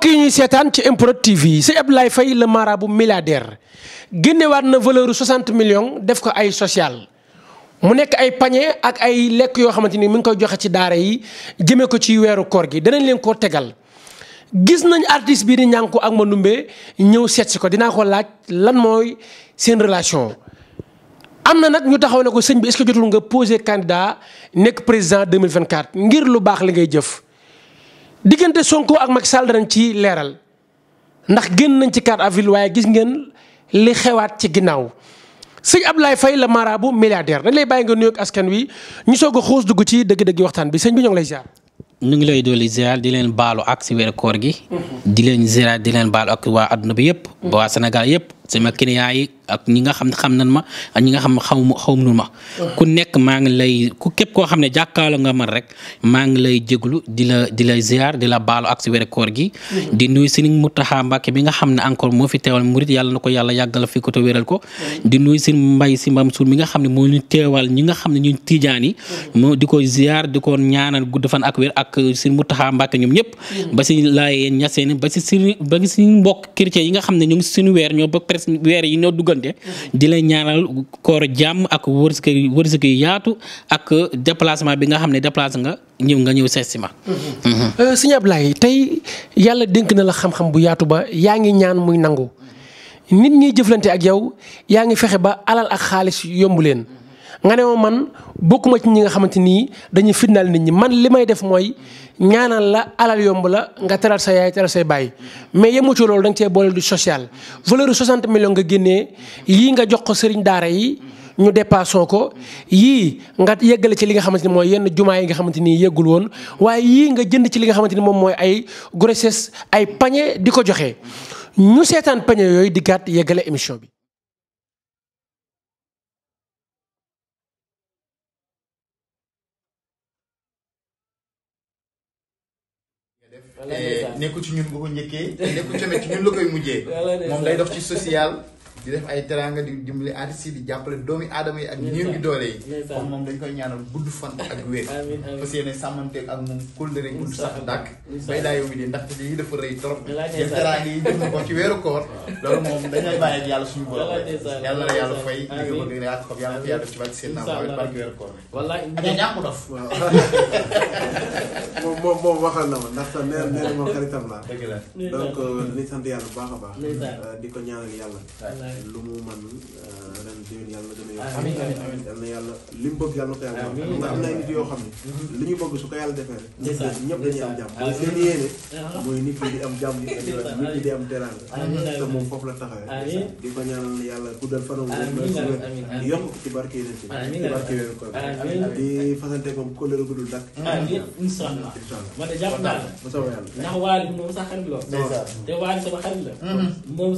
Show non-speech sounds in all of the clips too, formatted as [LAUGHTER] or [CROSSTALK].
mbokk ñuy seetaan ci MPROD TV si Abdoulaye Faye le marabout milliardaire génnewaat na valeur 60 millions def ko ay social mu nekk ay pañe ak ay lekk yoo xamante ni mu ngi koy joxe ci daara yi jëmee ko ci weeru koor gi danañ leen koo tegal gis nañ artiste bii di ñànku ak Manoumbé ñëw seet si ko dinaa ko laaj lan mooy seen relation am na nag ñu taxaw ne ko sëñ bi est jotul nga posé candidat nekk président 2024 ngir lu baax li ngay jëf diggante Sonko ak mag Sall danañ ci leeral ndax génn nañ ci 4 avril waaye gis ngeen li xewaat ci ginnaaw sëñ Ablaye fay la marabu milliardaire dañ lay bàyyi nga nuyoog askan wi ñu soog a xoos dugg ci dëgg-dëgg waxtaan bi sëñ bi ñoo lay ziar. ñu ngi lay dolli ziar di leen baalo ak si weeru koor gi. di leen ziar di leen baalo ak waa adduna bi yëpp. waa Sénégal yëpp. sama client yi ak ñi nga xam xam nan ma ak ñi nga xam xaw ma ma ku nekk maa ngi lay ku képp koo xam ne jàkkaarloo nga man rek maa ngi lay jéglu di la di la ziar di la baalu ak si wér koor gi. Mm-hmm. di nuyu Serigne Mountakha bi nga xam ne encore moo fi teewal murit yàlla na ko yàlla yàggal fi ko te wéral ko. Mm-hmm. di nuyu Serigne Mbaye mi nga xam ne moo ñu teewal ñi nga xam ne ñu tijaan yi. Mm-hmm. moo di ko ziar di ko ñaanal gudd fan ak wér ak Serigne Mountakha Mbacké ñoom ñëpp. ba si laay ñaseen ba si si suñu mbokk chrétien yi nga xam ne ñu ngi suñu weer ñoo bokk bés weer yi ñoo duggante di la ñaanal koor jàmm ak wërsëg wërsëg yu yaatu ak déplacement bi nga xam ne déplacé nga ñëw nga ñëw seet si ma. Euh, sëñ Ablaye tey yàlla dénk na la xam-xam bu yaatu ba yaa ngi ñaan muy nangu nit ñi jëflante ak yow yaa ngi fexe ba alal ak xaalis yomb leen. nga ne ma man bokkuma ci ñi nga xamante ni dañuy fitnaal nit ñi man li may def mooy ñaanal la alal yomb la nga teral sa yaay teral say baay mais yemu ci loolu da nga cee boole du social valeur 60 millions nga génnee yii nga jox ko sëriñ daara yi. ñu dépassons ko yii nga yeggale ci li nga xamante ni mooy yenn jumaa yi nga xamante ni yeggul woon waaye yii nga jënd ci li nga xamante ni moom mooy ay grossesse ay pañe di ko joxe ñu seetaan pañe yooyu di gàtt yeggale émission bi. Eh, nekkul ci ñun nga ko njëkkee nekkul ci ñun la koy mujjee moom day dox ci social di def ay teraanga di dimbali artistes aadama yi ak néew gi doole yi comme moom fan ak wér parce que yéene sàmmanteeg ak moom kóllëre gudd sax dàkk bay daa yow yi ndaxte lii dafa rëy na ko ci weeru koor [LAUGHS] loolu ko yàlla [LAUGHS] ma ndaxte nee nee na moom xaritam laa euh, a baax euh, di ko ñaanal lu mu man euh, ren déwén yàlla na gën a yokk. amiin yal na yàlla li mu bëgg yàlla na ko yàlla. amiin am na ay nit yoo xam ne. Mhm. li ñu bëgg su ko yàlla defee rek. ñëpp dañuy am jàmm. amiin seen yéene mooy nit ñi di am jàmm di am nit ñi di am teraanga. amiin te moom foofu la taxawee. di ko ñaanal yàlla guddal fanam. amiin amiin yokk ko ci barke yi ci barke weeru koor di fasante moom kóllëre mm.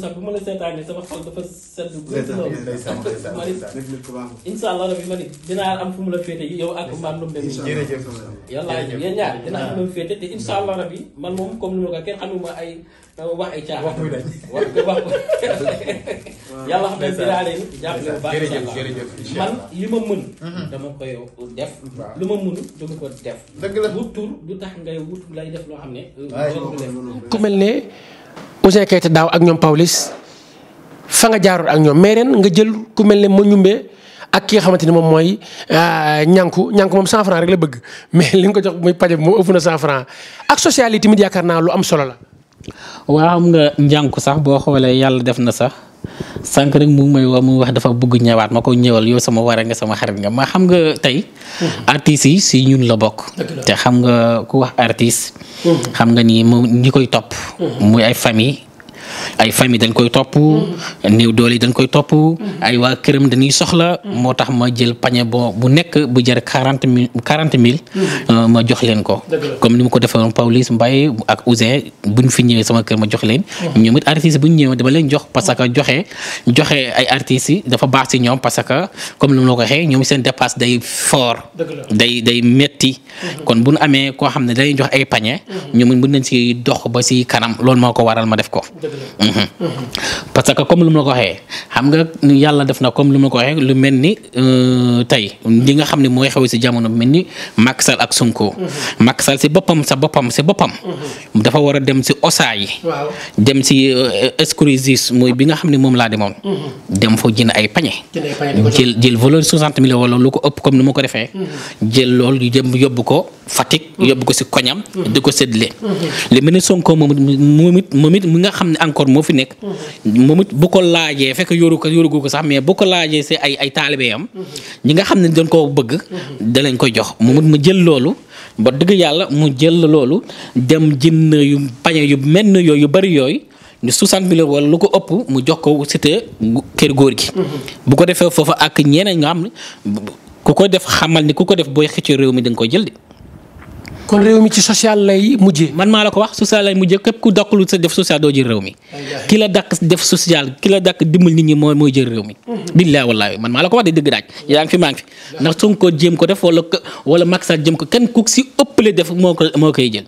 sax bu ma la seetaanee sama xol dafa dafa sedd. incha allah rabi ma ni a am fu mu la féete yow ak man lu mu demee. jërëjëf yàlla yéen ñaar dina am lu mu féete te incha allah rabi man moom comme ni ma ko kenn xamuma ay euh, wax ay caaxaan. wax muy dañ wax wax ko. [LAUGHS] yàlla xam ne dinaa li ma mën. Mhm. dama koy def. lu ma mënul dama ko def. dëgg la bu tur du tax ngay wut lay def loo xam ne. Euh, ku mel ne Ouzin Keita daaw ak ñoom Pawlish fa nga jaaroon ak ñoom mais ren nga jël ku mel ne ma ñumbee ak ki nga xamante ni moom mooy ñànku euh, ñànku moom 100 francs rek la bëgg [LAUGHS] mais li nga ko jox muy paje bi moom ëpp na tamit yaakaar naa lu am solo la. waaw xam nga njànku sax boo xoolee yàlla def na sax sànq rek mu may wax mu wax dafa bëgg ñëwaat ma ko ñëwal yow sama wara nga sama xarit nga ma xam nga tey. Hmm. artistes yi si ñun la bokk. te xam nga ku wax artiste. Hmm. xam nga ni moom ñi koy topp. Hmm. muy ay famille. ay famille dañ koy topp mm-hmm. néew doole yi dañ koy topp mm-hmm. ay waa këram dañuy soxla mm-hmm. moo tax ma jël pañe boo bu nekk bu jar quarante mille quarante euh, ma jox leen ko comme ni ma ko defoon Pawlish Mbaye ak Ousin buñ fi ñëwee sama kër ma jox leen ñoom it artistes bu ñu ñëwee dama leen que joxe joxe ay artistes yi baax ci ñoom parce que comme ni ma la ko seen dépasse day fort day day metti kon bu nu amee koo xam ne dañuy jox ay pañe ñoom it mën nañ ci dox ba ci kanam loolu moo ko waral ma def ko Mhm. parce que comme lu ma la ko waxee xam nga yàlla def na comme lu ma la ko waxee lu mel ni euh, tey li nga xam ne mooy xew si jamono mel ni Macky Sall ak Sonko. Mhm. Macky Sall si boppam sa boppam si boppam. Mhm. dafa war a dem si osa yi. dem si euh, escroisise mooy bi nga xam ne moom laa demoon. dem foo jënd ay pañe. jël jël valeur soixante mille wala lu ko ëpp comme ni ma ko defee. jël loolu jëm yóbbu ko Fatick. yóbbu ko si koñam. di ko séddale. li mel ni Sonko moom it moom it mi nga xam ne encore moo fi nekk. moom it bu ko laajee fekk yoru ko yorugu ko sax mais bu ko laajee si ay ay taalibeeyam ñi nga xam ne doon koo bëgg. dalañ ko jox moom mu jël loolu. ba dëgg yàlla mu jël loolu dem jënd yu pañe yu menn yooyu yu bari yooyu. ñu 60 millions wala lu ko ëpp mu jox ko cité kër góor gi. bu ko defee foofu ak ñeneen nga xam ne ku ko def xamal ni ku ko def booy xëcc réew mi da nga jël de. kon réew mi ci social lay mujjee. man maa la ko wax social lay mujjee képp ku dakkul sa def social doo jël réew mi. ki la dakk def social ki la dakk dimbal nit ñi mooy mooy jël réew mi. Mhm. billaay wallaay man maa la ko wax de dëgg daaj yaa ngi fi maa ngi fi ndax su ko ko def wala wala jëm ko kenn ku si ëppale def moo ko moo koy jël.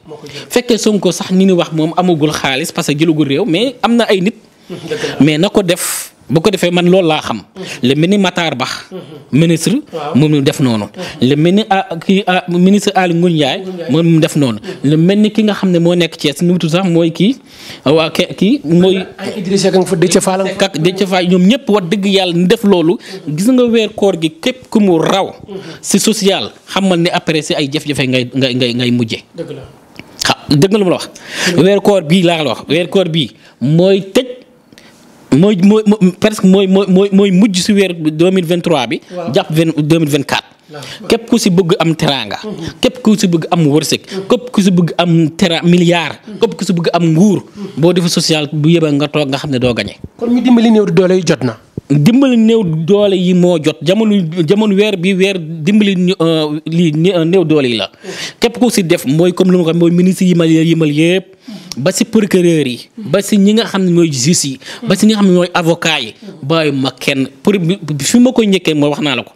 fekkee Sonko sax ni ñu wax moom amagul xaalis parce jëlagul réew mais am na ay nit. [LAUGHS] mais na ko def. bu ko defee man loolu laa xam. Mm-hmm. le ni Matar Ba. Mm-hmm. ministre. moom mu def noonu. Mm-hmm. le mel ni ah, kii ah, ministre Aly Ngouille Ndiaye. moom mu def noonu. le mel ni ki nga xam ne moo nekk Thiès nu mu tudd sax mooy ki waa kii mooy. ay Idrissa Seck fa Déthié Fall ak ñoom ñëpp wax dëgg yàlla ñu def loolu. gis nga weer koor gi képp ku mu raw. si social xamal ne après ay jafe-jafe ngay ngay ngay ngay laa la weer koor bii mooy tëj. mooy mooy presque mooy mooy mooy mujj si weer 2023 bi. jàpp vingt 2024. képp ku si bëgg am teraanga. Mhm. képp ku si bëgg am wërsëg. képp ku si bëgg am tera milliard. Mhm. képp ku si bëgg am nguur. Mhm. boo defee social bu yëba nga toog nga xam ne doo gañe kon doole yi jot na. dimbali néew doole yi moo jot jamono jamono weer bi weer dimbali euh, lii euh, néew doole yi la képp ku si def mooy comme lu ma ko ministre yi ma yimal yëpp ba si procureur yi ba si ñi nga xam ne mooy juge yi ba si ñi nga xam ne mooy avocat yi bàyyi ma kenn pour fi ma koy ñëkkee mooy wax naa la ko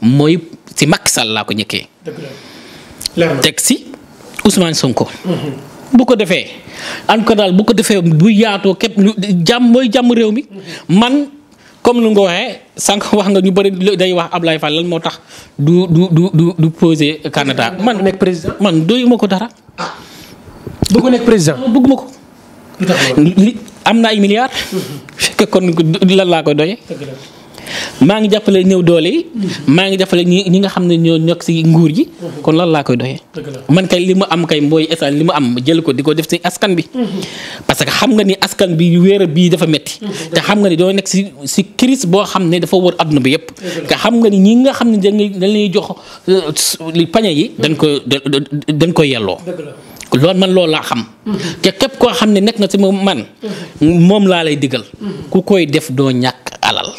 mooy si Macky Sall laa ko ñëkkee teg si Ousmane Sonko bu ko defee an ko daal bu ko defee bu yaatoo képp mooy jàmm réew mi man comme nu nga waxee sànq wax nga ñu bari day wax Ablaye fa lan moo tax du du du du du posé candidat man nekk président man doyuma ko dara. Ah. bëggu nekk président bëgguma ko. am na ay milliards. Mm-hmm. kon lan laa ko doy maa ngi jàppale néew doole yi maa ngi jàppale ñi ñi nga xam ne ñoo nekk ci nguur gi kon lan laa koy doxee man kay li mu am kay mooy essan li mu am jël ko di ko def ci askan bi parce que xam nga ni askan bi wéer bii dafa metti te xam nga ni doo nekk ci ci crise boo xam ne dafa wër adduna bi yëpp te xam nga ni ñi nga xam ne dañ lay jox euh, li pañe yi dañ ko dañ koy yelloo loolu man loolu laa xam te képp koo xam ne nekk na ci moom man moom laa lay digal ku koy def doo ñàkk alal.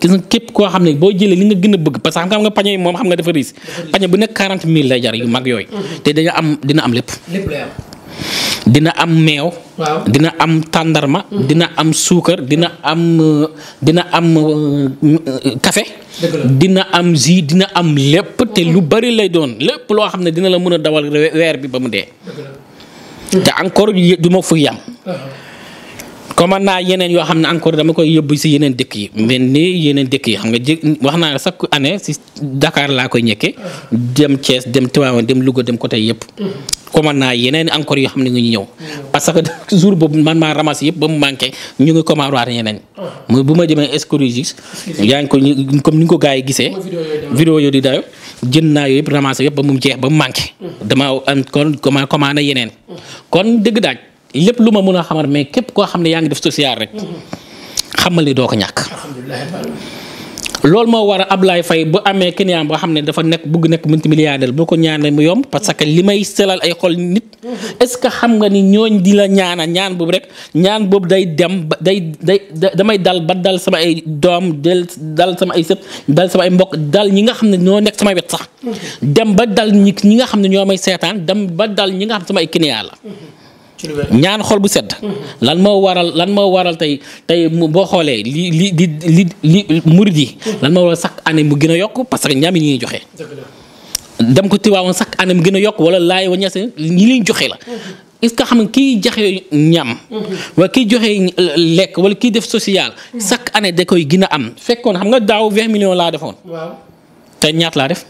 gis nga képp koo xam ne boo jëlee li nga gën a bëgg parce que xam nga pañe yi moom xam nga dafa riis pañe bu nekk quarante mille lay jar yu mag yooyu. Mm-hmm. te dañu am dina am lépp. dina am meew. dina am tàndarma. Mm-hmm. dina am suukar dina am dina am euh, café. dina am jus dina am lépp te lu mm-hmm. bari lay doon lépp loo xam ne dina la mën a dawal weer bi ba mu dee. te encore du ma fu yam. Uh-huh. comme naa yeneen yoo xam ne encore dama koy yóbbu si yeneen dëkk yi mel ni yeneen dëkk yi xam nga wax naa la chaque année si Dakar laa koy ñekke dem Thiès dem Tivaouane dem Louga dem côté yëpp. comme naa yeneen encore yoo xam ne ñu ngi ñëw. parce que [LAUGHS] jour oh. mu bu ma demee escorigis. yaa ngi ko ñu comme ni nga ko gaa yi gisee. vidéo yooyu di dayo jën naa yooyu yëpp ramassé yëpp ba mu jeex ba mu manqué. Mm. damaa kon comment yeneen. Mm. kon dëgg daaj. lépp lu ma mun a xamal mais képp koo xam ne yaa ngi def social rek xamal ni doo ko ñàkk. loolu moo war a Ablaye fay bu amee client boo xam ne dafa nekk bugg nekk multimilliardaire boo ko ñaanee mu yomb parce que li may selal ay xol nit. est-ce que xam nga ni ñooñ di la ñaana ñaan boobu rek ñaan boobu day dem ba day day damay dal ba dal sama ay doom del dal sama ay sët dal sama ay mbokk dal ñi nga xam ne ñoo nekk sama wet sax. dem ba dal ñi ñi nga xam ne ñoo may seetaan dem ba dal ñi nga xam sama ay client la. ñaan xol bu sedd. Mm-hmm. lan moo waral lan moo waral tey tey boo xoolee li li di li li murid yi mm-hmm. lan moo waral chaque année mu gën a yokk parce que ñaam yi ñuy joxe. dem ko Tiwaawoon chaque année mu gën a yokk wala laay wa ñase ñi liñ joxe la. Mm-hmm. est-ce que xam nga kiy joxe ñam. wala kiy joxe lekk wala kiy def social. chaque année da koy gin a am fekkoon xam nga daaw 20 millions laa defoon. te ñaat laa def.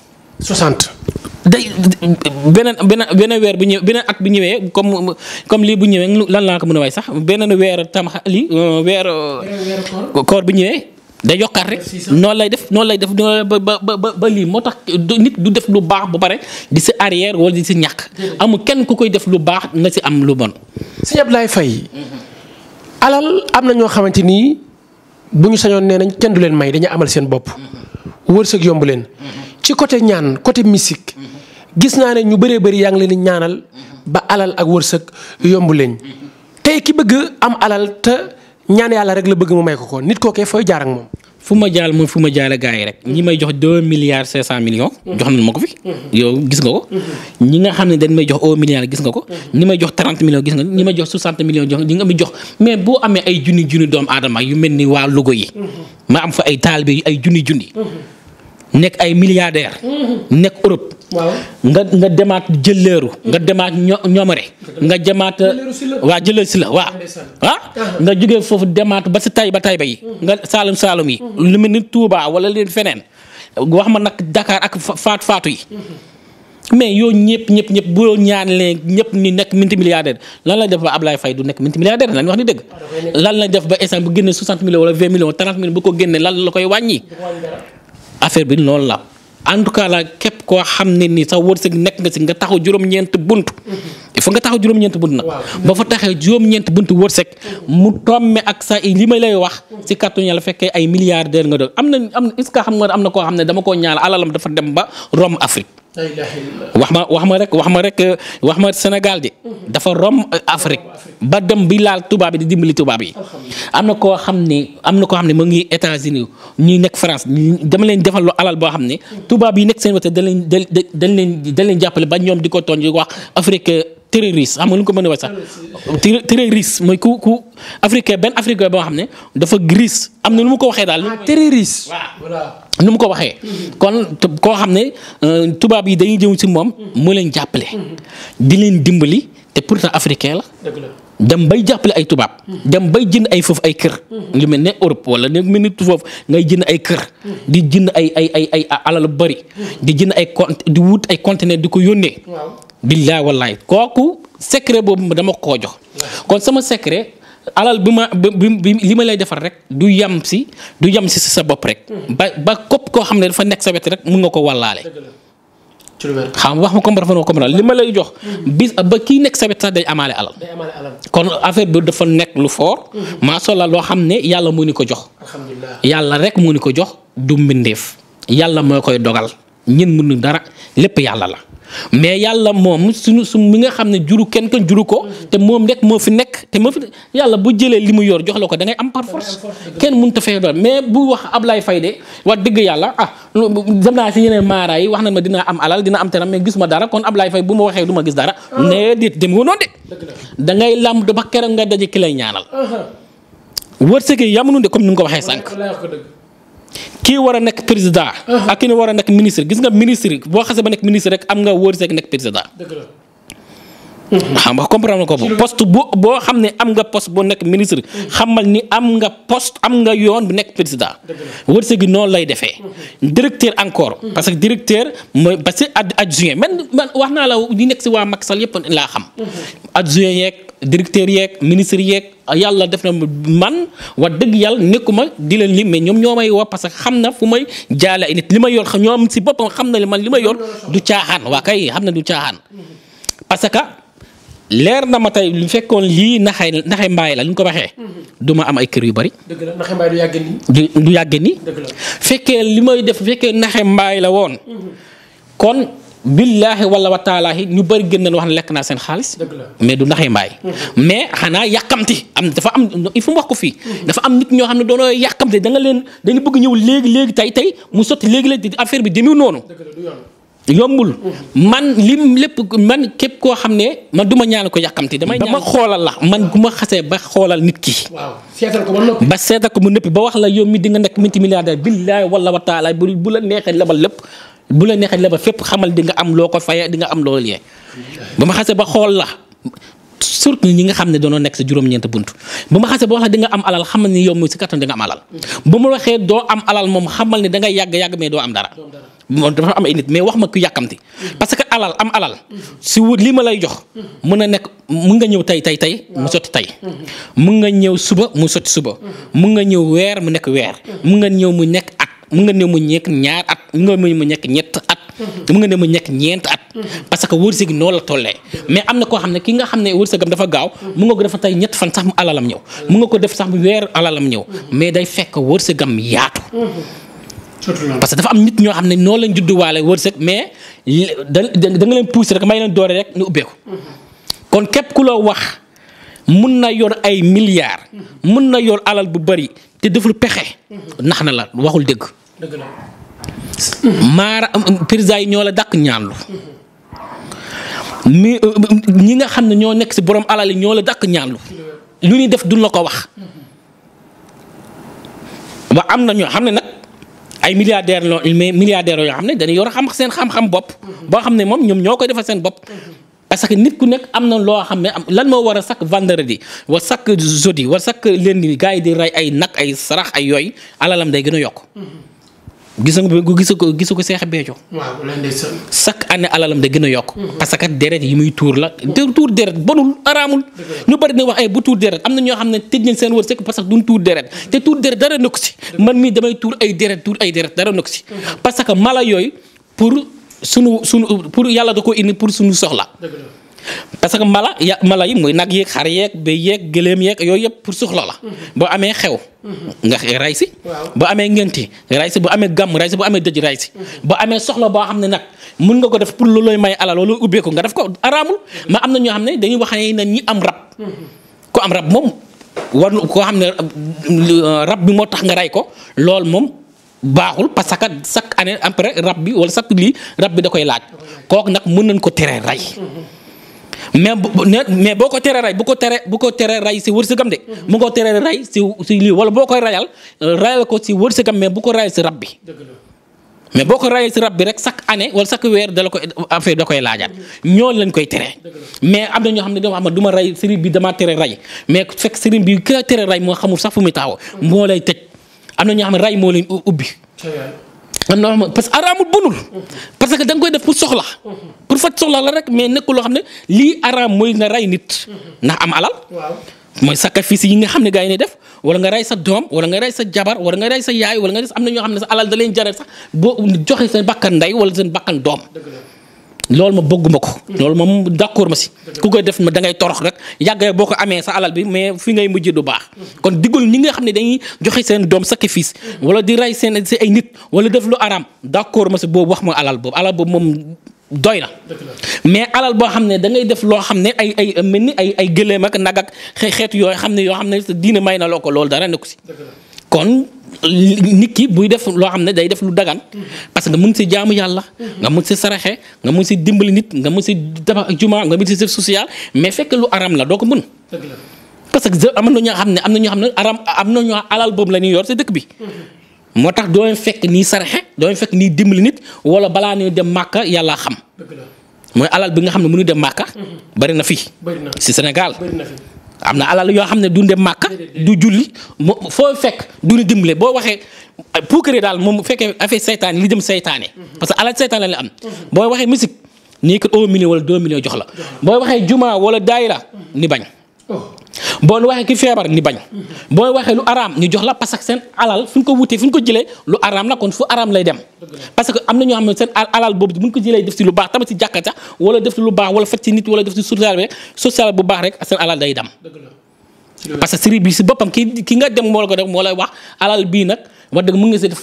day beneen beneen beneen weer bu ñëwee beneen at bu ñëwee comme comme lii bu ñëwee lan laa ko mën a waay sax beneen weer tam lii euh, weer. Euh, koor bu ñëwee. day yokkaat rek noonu lay def noonu lay def ba ba ba ba lii moo tax nit du def lu baax bu pare di si arrière wala di si ñàkk. amul kenn ku koy def lu baax na si am lu bon. sëñ Abdoulaye fay alal am na ñoo xamante ni bu ñu sañoon nee nañ kenn du leen may dañu amal seen bopp. Mm-hmm. wërsëg yomb leen. Mm-hmm. ci côté ñaan côté musique. Mm-hmm. gis naa ne ñu bëree bëri yaa leen di ñaanal ba alal ak wërsëg yomb leen tey ki bëgg am alal te ñaan yàlla rek la bëgg mu may ko ko nit kookee fooy jaar ak moom. fu ma jaal mooy fu ma jaale gars yi rek ñi may jox deux milliards cinq cent millions. jox nañ ma ko fi. yow gis nga ko. ñi nga xam ne dañ may jox un milliard gis nga ko. ñi may jox trente millions gis nga ñi may jox soixante millions jox ñi nga jox mais boo amee ay junni junni doomu aadama yu mel ni waa Louga yi. ma am fa ay taalibe yu ay junni junni. nekk ay milliardaire mm-hmm. nekk Europe. nga nga demaat jëlleeru mm-hmm. nga demaat ñoomare nga jëmaat waa jëlleer si la waa ah? ah nga jógee foofu demaat ba si Tayba Tayba yi mm-hmm. nga Saalum Saalum yi lu mel ni Touba wala leen feneen wax ma nag Dakar ak faatu faatu yi mais yooyu ñëpp ñëpp ñëpp bu ñaan leen ñëpp ni nekk minti milliardaire lan la def ba Ablaye Faye du nekk minti milliardaire lan wax ni dëgg ah, lan lañ def ba instant bu génne 60 millions wala 20 millions 30 millions bu ko génne lan la koy wàññi affaire bi loolu la en tout cas la képp koo xam ne ni sa wërsëg nekk nga si nga taxaw juróom-ñeent bunt il faut nga taxaw juróom-ñeent bunt nag ba fa taxee juróom-ñeent bunt wërsëg mu tomme ak sa li may lay wax si kàttu yàlla fekkee ay milliardaire nga doon am na koo xam ne dama koo ma wax ma rek wax ma rek wax ma Sénégal de mhm. dafa rom Afrique ba dem bi laal tubaab yi di dimbali tubaab yi am na koo xam ne am na koo xam ne mu ngi États-Unis ñuy nekk France dama leen defal lu alal boo xam ne mhm. tubaab yi nekk seen wete dañ leen jàppale ba ñoom di ko tooñ di wax Afrique terroriste xam ah, nga nu ko mën a wax sax. terroriste mooy ku ku africain benn africain boo xam ne dafa gris am na nu mu ko waxee daal. Ah, terroriste voilà nu mu ko waxee. kon koo xam ne euh, tubaab yi dañuy jëm ci moom. mu leen jàppale. di leen dimbali te pourtant africain la. dem bay jàppale ay tubaab. dem bay jënd ay foofu ay kër. lu mel ne Europe wala lu mel ne foofu ngay jënd ay kër. di jënd ay ay ay ay alal lu bari. di jënd ay con di wut ay conteneur di ko yónnee. billaay wallaay kooku secret boobu dama koo jox kon sama secret alal bi ma bi li ma lay defar rek du yam si du yam si sa bopp rek. Hmm. ba ba kopp koo xam ne dafa nekk sa wet rek mun nga ko wallaale. xam wax ma comme dafa comme li ma lay jox. Hmm. bis ba kii nekk sa sax day amaale alal. kon affaire bi dafa nekk lu fort. Hmm. macha allah loo xam ne yàlla moo ni ko jox. yàlla rek moo ko jox du mbindeef yàlla moo koy dogal ñun mënu dara lépp yàlla la. mais yàlla moom suñu su mi nga xam ne juru kenn kenn juru ko te moom rek moo fi nekk te moo fi yàlla bu jëlee li mu yor jox la ko da ngay am par force kenn mun ta fee doon mais bu wax Ablaye fay de wax dëgg yàlla ah dem naa si yeneen maara yi wax na ma dina am alal dina am teram mais ma dara kon Ablaye Faye bu ma waxee du ma gis dara nee ah. déet dem nga noonu de dangay ngay làmb ba keroog nga daje ki lay ñaanal ah. wërsëg yi yamuñu de comme ni nga ko waxee sànq kii war a nekk président. Uh-huh. ak ki war a nekk ministre gis nga ministre boo xasee ba nekk ministre rek am nga wóor seeg nekk président. xam nga comprendre ko bu poste boo boo xam ne am nga poste boo nekk ministre xamal ni am nga poste am nga yoon bu nekk président war gi noonu lay defee directeur encore parce que directeur mooy parce que adjoint man man wax naa la ñu nekk si waa Macky Sall yëpp laa xam adjoint yeeg directeur yeeg ministre yeeg yàlla def na man wax dëgg yàlla nekkuma di leen lim mais ñoom ñoo may woo parce que xam na fu may jaale ay nit li ma yor ñoom si boppam xam na man li ma yor du caaxaan waa kay xam na du caaxaan parce que leer ndama ma tey lu fekkoon lii naxay naxay mbaay la lu ñu ko waxee. Mhm. du ma am ay kër yu bari. dëgg la naxay mbaay du yàgg nii. yàgg nii. dëgg fekkee li may def fekkee naxay mbaay la woon. Mhm. kon billaahi wala wa taalaahi ñu bëri gën nañ wax ne lekk naa seen xaalis. mais du naxay mbaay. Mhm. mais xanaa yàkkamti am dafa am il faut mu wax ko fii. dafa am nit ñoo xam ne doonoo yàkkamti da nga leen dañu bëgg ñëw léegi léegi tey tey mu sotti léegi léegi affaire bi demee noonu. dëgg la yombul man li lépp man képp koo xam ne man du ma ñaan ko yàkkamti damay dama xoolal la man ku ma xasee ba xoolal nit ki. waaw seetal ko ba noppi. ba seetal ko ba noppi ba wax la yow mi di nga nekk minti milliardaire billaay wala wa taala bu bu la neexee lebal lépp bu la neexee lebal fépp xamal di nga am loo ko fayee dinga am loo yee. ba ma xasee ba xool la surtout ñi nga xam ne doonoo nekk sa juróom-ñeent bunt bu ma xasee boo waxee di nga am alal xamal ni yow mooy si kattan di nga am alal bu ma waxee doo am alal moom xamal ni da yàgg yàgg mais doo am dara moom dafa am alal si wut li ma lay jox mën na nekk mun nga ñëw tey tey mu sotti tey mm-hmm. mun nga ñëw suba mu sotti suba mm-hmm. mun nga ñëw weer mu nekk weer mm-hmm. mun nga ñëw mu nekk at mun nga ñëw mu nekk ñaar at mun nga ñëw mu nekk ñett mu nga dem a ñekk ñeent at parce que wërsëg noonu la tollee mais am na koo xam ne ki nga xam ne wërsëgam dafa gaaw mu nga ko def tey ñett fan sax mu alalam ñëw mu nga ko def sax mu weer alalam ñëw mais day fekk wërsëgam yaatu parce que dafa am nit ñoo xam ne noo lañ judduwaale wërsëg mais da da nga leen poussé rek may leen doore rek ñu ubbeeku kon képp ku la wax mun na yoon ay milliards mun na yoon alal bu bari te deful pexe nax na la waxul dëgg maara président yi ñoo la dàq ñaanlu mi euh, euh, ñi nga xam ne ñoo nekk si borom alal yi ñoo la dàq ñaanlu lu ñuy def duñ la ko wax wa am na ñoo xam ne nag ay milliardaire loo mais milliardaires yoo xam ne dañuy yor xam seen xam-xam bopp boo xam ne moom ñoom ñoo koy defal seen bopp parce que nit ku nekk am na loo xam ne lan moo war a chaque vendredi wa chaque jeudi wa chaque lundi gars yi di ray ay nag ay sarax ay yooy alalam day gën a yokk gis nga ko gis ko gis ko Seex Béthio. waaw chaque année alalam da gën a yokk. Mhm. parce deret yi muy tuur la. te tuur deret bonul araamul. ñu bari na wax ay eh, bu tuur deret am na ñoo xam ne tëj nañ seen wërsëg parce que duñ tuur deret te tuur deret dara nëkk si. man mii damay tuur ay deret tuur ay deret dara nëkk si. Mhm. parce que mala yooyu pour sunu sunu pour yàlla da ko indi pour sunu soxla. parce que mala ya mala yi muy nag yeeg xar yeeg béy yeeg gëléem yeeg yooyu yëpp pour soxla la. boo amee xew. nga ray si. boo amee ngénti ray si boo amee gàmm ray si boo amee dëj ray si. boo amee soxla boo xam ne nag mun nga ko def pour loolooy may alal loolu ubbeeku nga def ko araamul mm-hmm. ma am na ñoo xam ne dañuy wax ne ñi am rab. Mm-hmm. ku am rab moom war koo xam ne rab bi moo tax nga ray ko lool moom. baaxul parce que chaque année après rab bi wala chaque lii rab bi da koy laaj kooku nag mun nañ ko tere rey mm-hmm. mais mais boo ko teree rey bu ko teree bu ko teree ray si wërsëgam de. mu ngi teree rey si si lii wala boo koy rayal rayal ko si wërsëgam mais bu ko rayal si rab bi. mais boo ko rayal si rab bi rek chaque année wala chaque weer dala ko affaire da koy laajaat ñooñu lañ koy mais am na ñoo xam ne dama xam ne du ma rey sëriñ bi damaa tere rey mais fekk sëriñ bi ki la tere rey moo xamul sax fu muy taxaw moo lay tëj am na ñoo xam ne ray moo leen ubbi. am na parce que araamul bonul parce que da nga koy def pour soxla pour faj soxla la rek mais nekkul loo xam ne lii araam mooy nga rey nit ndax am alal mooy sacrifice yi nga xam ne gaa yi ne def wala nga rey sa doom wala nga rey sa jabar wala nga rey sa yaay wala nga des am na ñoo xam ne sa alal da leen jaral sax boo joxe seen bakkan ndey wala seen bakkan doom loolu ma bëgguma ko. loolu moom d'accord ma si. ku koy def ma da ngay torox rek yàgg boo ko amee sa alal bi mais fi ngay mujjee du baax. kon diggul ñi nga xam ne dañuy joxe seen doom sacrifice. wala di rey seen si ay nit wala def lu araam d'accord ma si boobu wax ma alal boobu alal boobu moom. doy na mais alal boo xam ne dangay def loo xam ne ay ay mel ni ay ay gëléem ak nag ak xeetu yooyu xam ne yoo xam ne diine may na loo ko loolu dara nekku si nit ki buy def loo xam ne day def lu dagan parce que mun si jaamu yàlla nga mu ngi si saraxe nga mu ngi si dimbali nit nga mu ngi si tabax ak nga mu si social mais fekk lu aram doo ko mën parce que am na ñoo xam ne am na ñoo xam ne aram am na ñoo alal boobu la ñuy yor si dëkk bi moo tax doo fekk nii saraxe doo fekk nii dimbali nit wala balaa ñuy dem màkka yàlla xam mooy alal bi nga xam ne mënu dem màkka bari na fii si Sénégal am na alal yoo xam ne du dem màkka du julli mu foo fekk du ñu dimbale boo waxee puukare daal moom bu fekkee affaire saytaan li jëm saytaane. parce que alal saytaan la am. booy waxee musique nii que un million wala deux millions jox la. booy waxee juma wala daayira ni bañ. boo waxee ki feebar ni bañ boo waxee lu araam ñu jox la parce que seen alal fu ñu ko wutee fu ñu ko jëlee lu araam la kon fu araam lay dem parce que am na ñoo xam ne seen alal boobu bu ñu ko jëlee def si lu baax tamit si jàkka sax wala def si lu baax wala faj si nit wala def si social bu baax rek seen alal day dem parce que sëriñ bi si boppam ki ki nga dem moo la ko def moo lay wax alal bii nag wax dëgg mën nga si def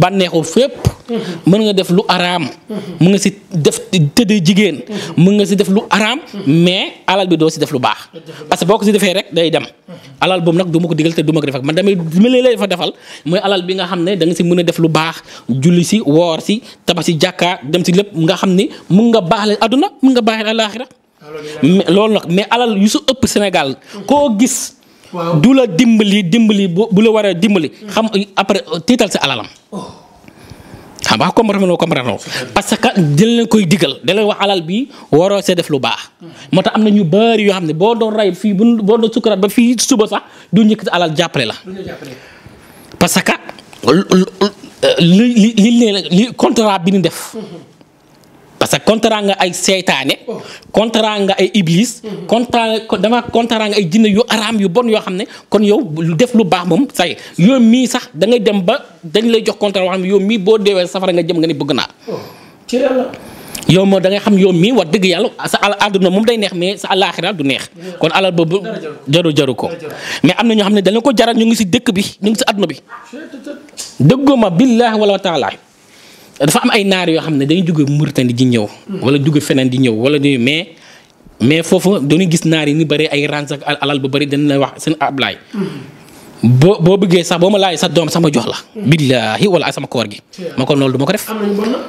bànneexu fépp mën mm-hmm. nga def lu araam mm-hmm. mu nga si def tëdd jigéen mën mm-hmm. nga si def lu araam mais alal bi doo def lu baax parce que boo si defee rek day dem alal boobu nag du ma ko digal du ma ko def man damay ma leen lay fa defal mooy alal bi nga xam ne da nga si mën a def lu baax julli si woor si tabax si jàkka dem si lépp nga xam ni mën nga baaxle àdduna mën nga baaxle alaaxira loolu nag mais alal yu su ëpp Sénégal koo gis du la dimbali dimbali bu bu la war a dimbali. xam après tiital sa alalam. Oh. xam nga comprendre noo comprendre parce que dañ leen koy digal dañ wax alal bi waroo see def lu baax. moo tax am na ñu bëri yoo xam ne boo doon rey fii bu boo doon sukkuraat ba fii suba sax du njëkk alal jàppale la. parce que li li li contrat bi ñu def. [LAUGHS] parce que contrat nga ay seytaane oh. contrat nga ay iblis mm-hmm. contrat dama contrat nga ay jinne yu araam yu bon yoo xam ne kon yow lu def lu baax moom say yow mii sax da ngay dem ba dañ lay jox contrat yoo xam ne yow mii boo deewee safara nga jëm nga ni bëgg naa oh. ci yàlla yow moo da ngay xam yow mii wax dëgg yàlla sa al àdduna moom day neex mais sa àllaaxira du neex kon alal boobu jaru jaru ko mais am na ñoo xam ne dañ ko jaral ñu ngi si dëkk bi ñu ngi si àdduna dafa am ay naar yoo xam ne dañu jóge Mauritanie di ji ñëw. wala jóge feneen di ñëw wala di mais mais foofu dañuy gis naar yi ni bëri ay ransak alal bu bëri dañ lay wax seen ablaay boo boo bëggee sax boo ma laajee sax doom sax jox la. billaahi wala sama koor gi. ma ko loolu du ma ko def.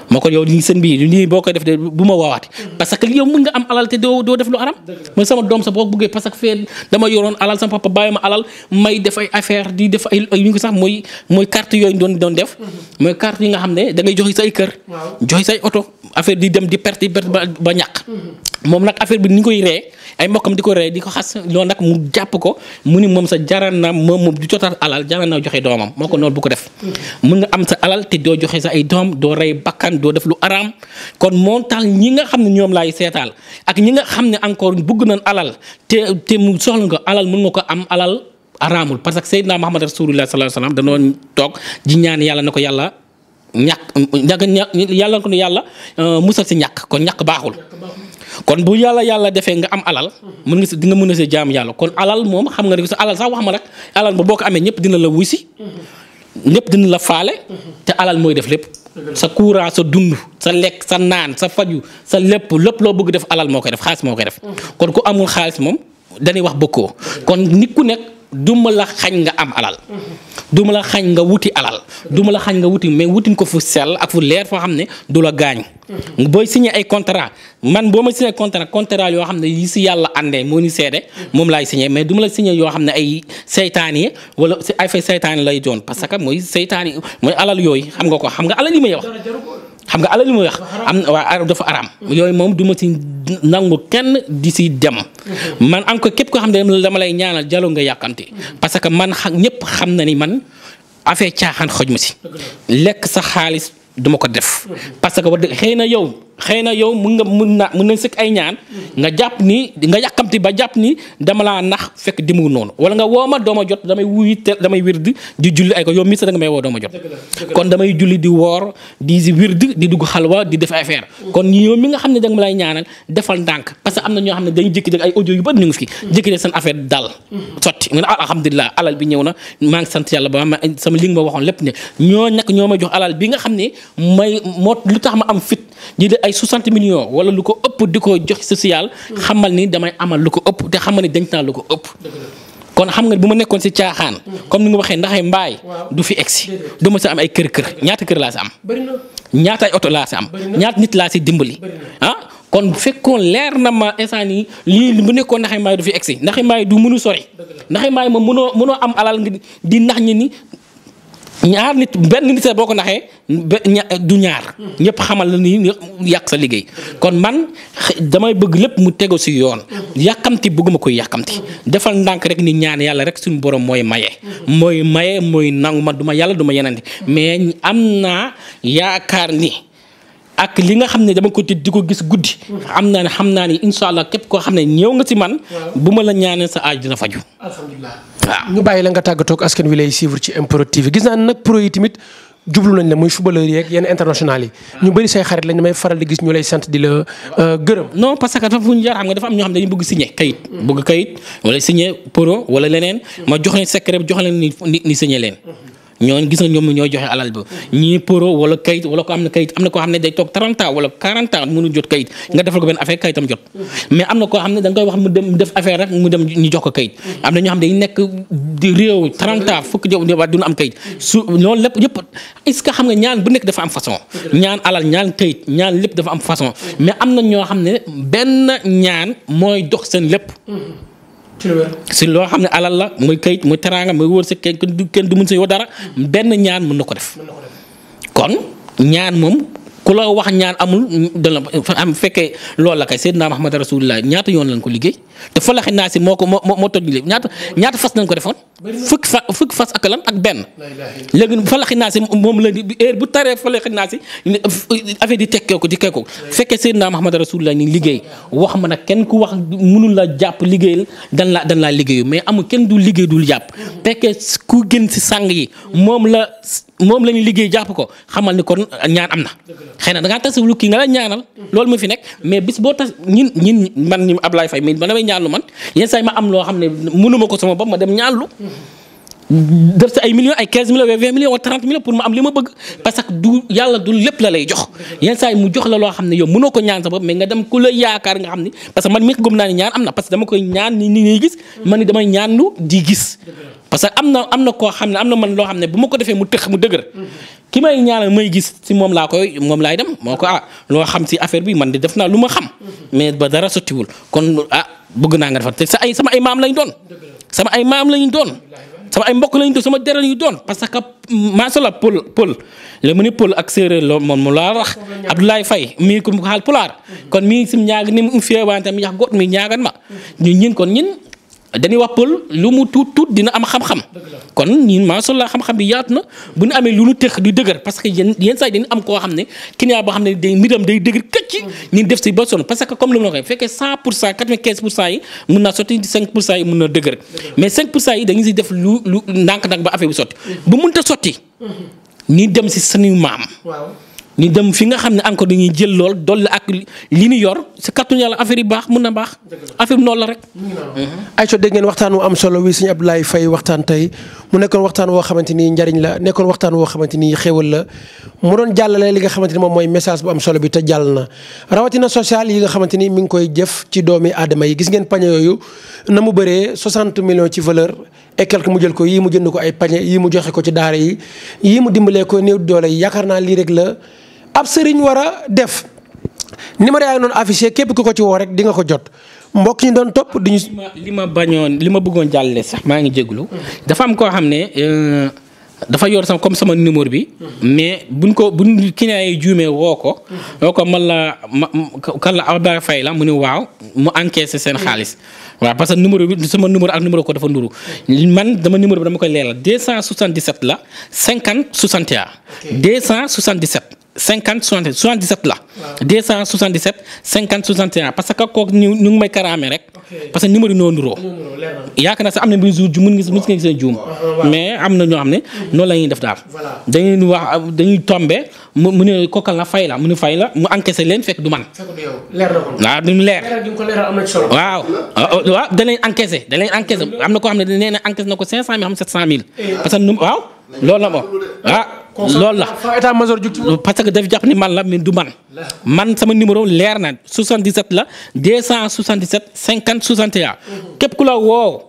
ma ko yow lii seen bi lii boo ko def de bu ma waawaate. Hmm. parce que yow mën nga am alal te doo doo def lu aram. Hmm. da ngay joxe say kër. joxe say hmm. moom nag affaire bi ni koy ree ay mbokkam di ko ree di ko xas loolu nag mu jàpp ko mu ni moom sa jaral moom du jotaat alal jaame na joxe doomam moo ko noonu bu ko def mën nga am sa alal te doo joxe sa ay doom doo rey bakkan doo def lu araam kon moom tax ñi nga xam ne ñoom laay seetaal ak ñi nga xam ne encore bëgg nañ alal te te mu soxla nga alal mën nga ko am alal araamul parce que naa Seydina Muhammad rasulullah sallallahu alayhi wa sallam danoo toog ji ñaan yàlla na ko yàlla ñàkk ñàkk yàlla na ko yàlla euh, musal si ñàkk kon ñàkk baaxul kon bu yàlla yàlla defee nga am alal mën nga si di nga mën a see jaam yàlla kon alal moom xam nga ne sa alal sax wax ma rek alal ba boo ko amee ñëpp dina la wuy si dina la faale te alal mooy def lépp sa courant sa dund sa lekk sa naan sa faju sa lépp lépp loo bëgg def alal moo koy def xaalis moo koy def mm-hmm. kon ku amul xaalis moom dañuy wax bokkoo kon nit ku nekk duma la xañ nga am alal duma la xañ nga wuti alal duma la xañ nga wuti mais wutin ko fu sell ak fu leer foo xam ne du la gaañ booy signé ay contrat man boo ma signé contrat contrat yoo xam ne yi si yàlla àndee moo ni seede moom laay signé mais duma la signé yoo xam ne ay seytaan yi wala ay fay seytaan lay doon parce que mooy seytaan yi mooy alal yooyu xam nga ko xam nga alal yi may wax xam nga alal yi may wax am waa dafa araam yooyu moom duma ci nangu kenn di si dem man encore képp koo xam ne dama lay ñaanal jalo nga yàqante parce que man xam ñëpp xam na ni man affaire caaxaan xoj ma si lekk sa xaalis duma ko def parce que xëy na yow xëy na yow mun nga mun na mun nañ sëkk ay ñaan nga jàpp ni nga yàkkamti ba jàpp ni dama laa nax fekk dimu noonu wala nga woo ma dooma jot damay wuy te damay wirdi di julli ay ko yow mi sa da nga may woo dooma jot kon damay julli di woor di wirdi di dugg xalwa di def affaire kon yow mi nga xam ne da nga ma lay ñaanal defal ndànk parce que am na ñoo xam ne dañuy jékki-jékki ay audio yu bëri ñu ngi fi mm-hmm. jékki-jékki seen affaire dal sotti nga ne ah, alhamdulilah alal bi ñëw na maa ngi sant yàlla ba ma sama li nga ma waxoon lépp ne ñoo nag ñoo ma jox alal bi nga xam ne may moo lu tax ma am fit ay 60 millions wala lu ko ëpp di ko jox social. xamal ni damay amal lu ko ëpp te xamal ni denc naa lu ko ëpp. kon xam nga bu ma nekkoon si caaxaan. comme ni nga waxee ndax mbaay. du fi egsi du ma si ay kër kër ñaata kër laa si am. ñaata ay oto laa si am. ñaata nit laa si dimbali. ah kon bu fekkoon leer na ma instant yi nekkoon ndax mbaay du fi egsi ndax mbaay du mënu sori. am alal di nax ñi ni. ñaar nit benn nit boo ko naxee du ñaar ñëpp xamal la ni yàq sa liggéey kon man damay bëgg lépp mu tego si yoon yàkkamti bëgguma koy yàkkamti defal ndànk rek ni ñaan yàlla rek suñu borom mooy maye. mooy maye mooy nangu ma du ma yàlla duma ma yeneen mais am naa yaakaar ni. ak li nga xam ne dama ko di ko gis guddi. am naa ne xam naa ni incha allah képp koo xam ne ñëw nga ci man. bu ma la ñaanee sa aaj dina faju alhamdulilah waaw ñu bàyyi la nga tàggatoo ak askan wi lay suivre ci MPROD TV gis naa nag pro yi tamit jublu nañ la muy footballeur yeeg yenn international yi. ñu bëri say xarit lañ damay faral di gis ñu lay sant di la euh, gërëm. non parce que dafa fu ñu jaar xam nga dafa am ñoo xam ne dañu bëgg signé kayit. bëgg kayit wala signé pro wala leneen. Mm. ma jox leen jox leen ni ni signé leen. Mm-hmm. ñoo gis nga ñoom ñooy joxe alal ba ñii poro wala kayit wala ko am na kayit am na koo xam ne day toog 30 ans wala 40 ans mënu jot kayit nga defal ko benn affaire kayitam jot mais am na koo xam ne da nga koy wax mu dem def ko kayit am am kayit su loolu lépp yëpp est-ce que xam nga ñaan bu nekk dafa am façon ñaan alal ñaan kayit ñaan lépp dafa am façon mais am na ñoo xam ne benn ñaan mooy dox seen lépp si loo xam ne alal la muy kayit muy teraanga muy wërsëg kenn kenn du mun si yow dara benn ñaan mën na ko def kon ñaan moom ku la wax ñaan amul dala am fekkee loolu la kay Seydina Muhammad Rasulullah ñaata yoon lañ ko liggéey te falaxi naa si moo ko ko defoon. fukki fa fukki fas ak lan ak benn. moom la heure bu taree falaxi naa si affaire di tekkee ko di tekkee ko fekkee Seydina Muhammad ni liggéey wax ma nag kenn ku wax mënul la jàpp liggéeyal dan laa dan laa liggéeyu mais amul kenn du liggéey dul jàpp fekkee ku gën si sàng yi moom la. moom la ñu liggéey jàpp ko xamal ni kon ñaan am na. xëy na da ngaa tasawul kii nga la ñaanal. loolu mu fi nekk mais bis boo tas ñin ñin man ni Ablaye Faye mi man damay ñaanlu loo xam ne mënuma ko sama bopp ma dem ñaanlu. def si ay li ma bëgg parce que du yàlla du lépp la lay jox yenn saa mu jox la loo xam ne yow mënoo ko ñaan sa bopp mais nga dem ku la yaakaar nga xam ni parce man mi gëm naa ñaan am na parce que dama koy ñaan ni ni ñuy gis man ni damay ñaan lu di gis parce que am na am na xam ne am na man loo xam ne bu ma ko defee mu tëx mu dëgër ki may ñaanal may gis si moom laa koy moom laay dem moo ko ah loo xam si affaire bi man di def naa lu ma xam mais ba dara sottiwul kon ah bëgg naa nga defar te sa ay sama ay maam lañ doon sama ay maam lañ doon sama ay mbokk lañ doon sama dere lañu doon parce que macha allah pël pël la mu ne pël ak séeréer lool moom mu laa rax Abdoulaye Faye mii ko xaal pulaar kon mii sim ñaag ni mu um fiewaan tam yax goot mi ñaagan ma ñu ñin kon ñin dañuy wax lu mu tuut tuut dina am xam-xam kon ñun macha allah xam-xam bi yaatu na bu ñu amee lu ñu tëx di dëgër parce que yenn yenn saa yi dañu am koo xam ne client boo xam ne day mbiram day dëgër këcc ñu def si ba sonn parce que comme lu ma la waxee fekkee cent pour cent yi mun naa sotti 5 pour cent yi mun na dëgër mais 5 pour cent yi dañu si def lu ndànk-ndànk ba affaire bi sotti bu mënta sotti ñu dem si sunu maam. ñu dem fi nga xam ne encore dañuy jël lool dolli ak li ñu yor si kàttu yàlla affaire yi baax mun na baax. affaire bi noonu la rek. ayca dégg ngeen waxtaan wu am solo wi sëñ Abdoulaye fay waxtaan tey mu nekkoon waxtaan woo xamante ni njariñ la nekkoon waxtaan woo xamante ni xéwal la mu doon jàllale li nga xamante ni moom mooy message bu am solo bi te jàll na. rawatina social yi nga xamante ni mi ngi koy jëf ci doomi aadama yi gis ngeen pañe yooyu na mu bëree 60 millions ci valeur et mu jël ko yii mu jënd ko ay pañe yii mu joxe ko ci daara yi yii mu dimbalee ko néew doole yaakaar naa lii rek la ab sëriñ war a def numéro yaa ngi noonu affiché képp ku ko ci woo rek di nga ko jot mbokk ñu doon topp duñu li ma bañoon li ma bëggoon jàllale sax maa ngi jéglu dafa am koo xam ne euh, dafa yor sax comme sama numéro bi. mais buñ ko buñ ki ay juumee woo ko. woo ko man la ma kan la Ababacar Faye la mu ne waaw mu encaissé seen xaalis. waaw parce que numéro bi sama numéro ak numéro ko dafa nduru man dama numéro bi dama koy leeral 277 la 50 61. 277. 50 77 77 la. waaw 277 50 61 parce que kooku ñu may karaame rek. parce que numéro yi ñoo nuroo. yaakaar am na benn jour ju mun nga gis juum. mais am na ñoo xam ne noonu la ñuy def daal. dañuy wax dañuy tombé mu mu ne kookal na fay la mu nu fay la mu encaissé leen fekk du man. leer na ko waaw leer. waaw ah, ah, waaw danañ encaissé danañ encaissé am na koo xam ne nee na encaissé na ko 500000 xam 700000. parce que waaw. loolu la moom ah. loolu la état major jug parce que daf jàpp ni man la mais du man. man sama numéro leer na 77 la 277 50 61. képp ku la woo.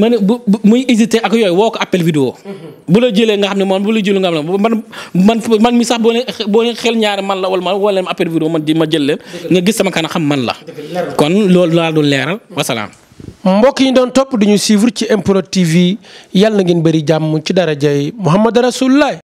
ma ne bu muy hésité ak yooyu woo ko appel vidéo. Mhm. bu la jëlee nga xam ne moom bu la jëlee nga xam ne man man man mi sax boo ne boo xel ñaari man la wala ma woo leen appel vidéo di ma jël leen. nga gis sama kanam xam man la. kon loolu laa doon leeral wasalaam. mbokk yi doon topp duñu suivre ci MPROD TV yàlla na ngeen bëri jàmm ci darajay Muhammad Rasulullah